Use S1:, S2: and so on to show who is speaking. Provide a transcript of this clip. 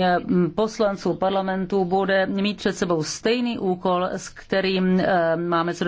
S1: Eh, poslanců parlamentu bude mít před sebou stejný úkol, s kterým eh, máme co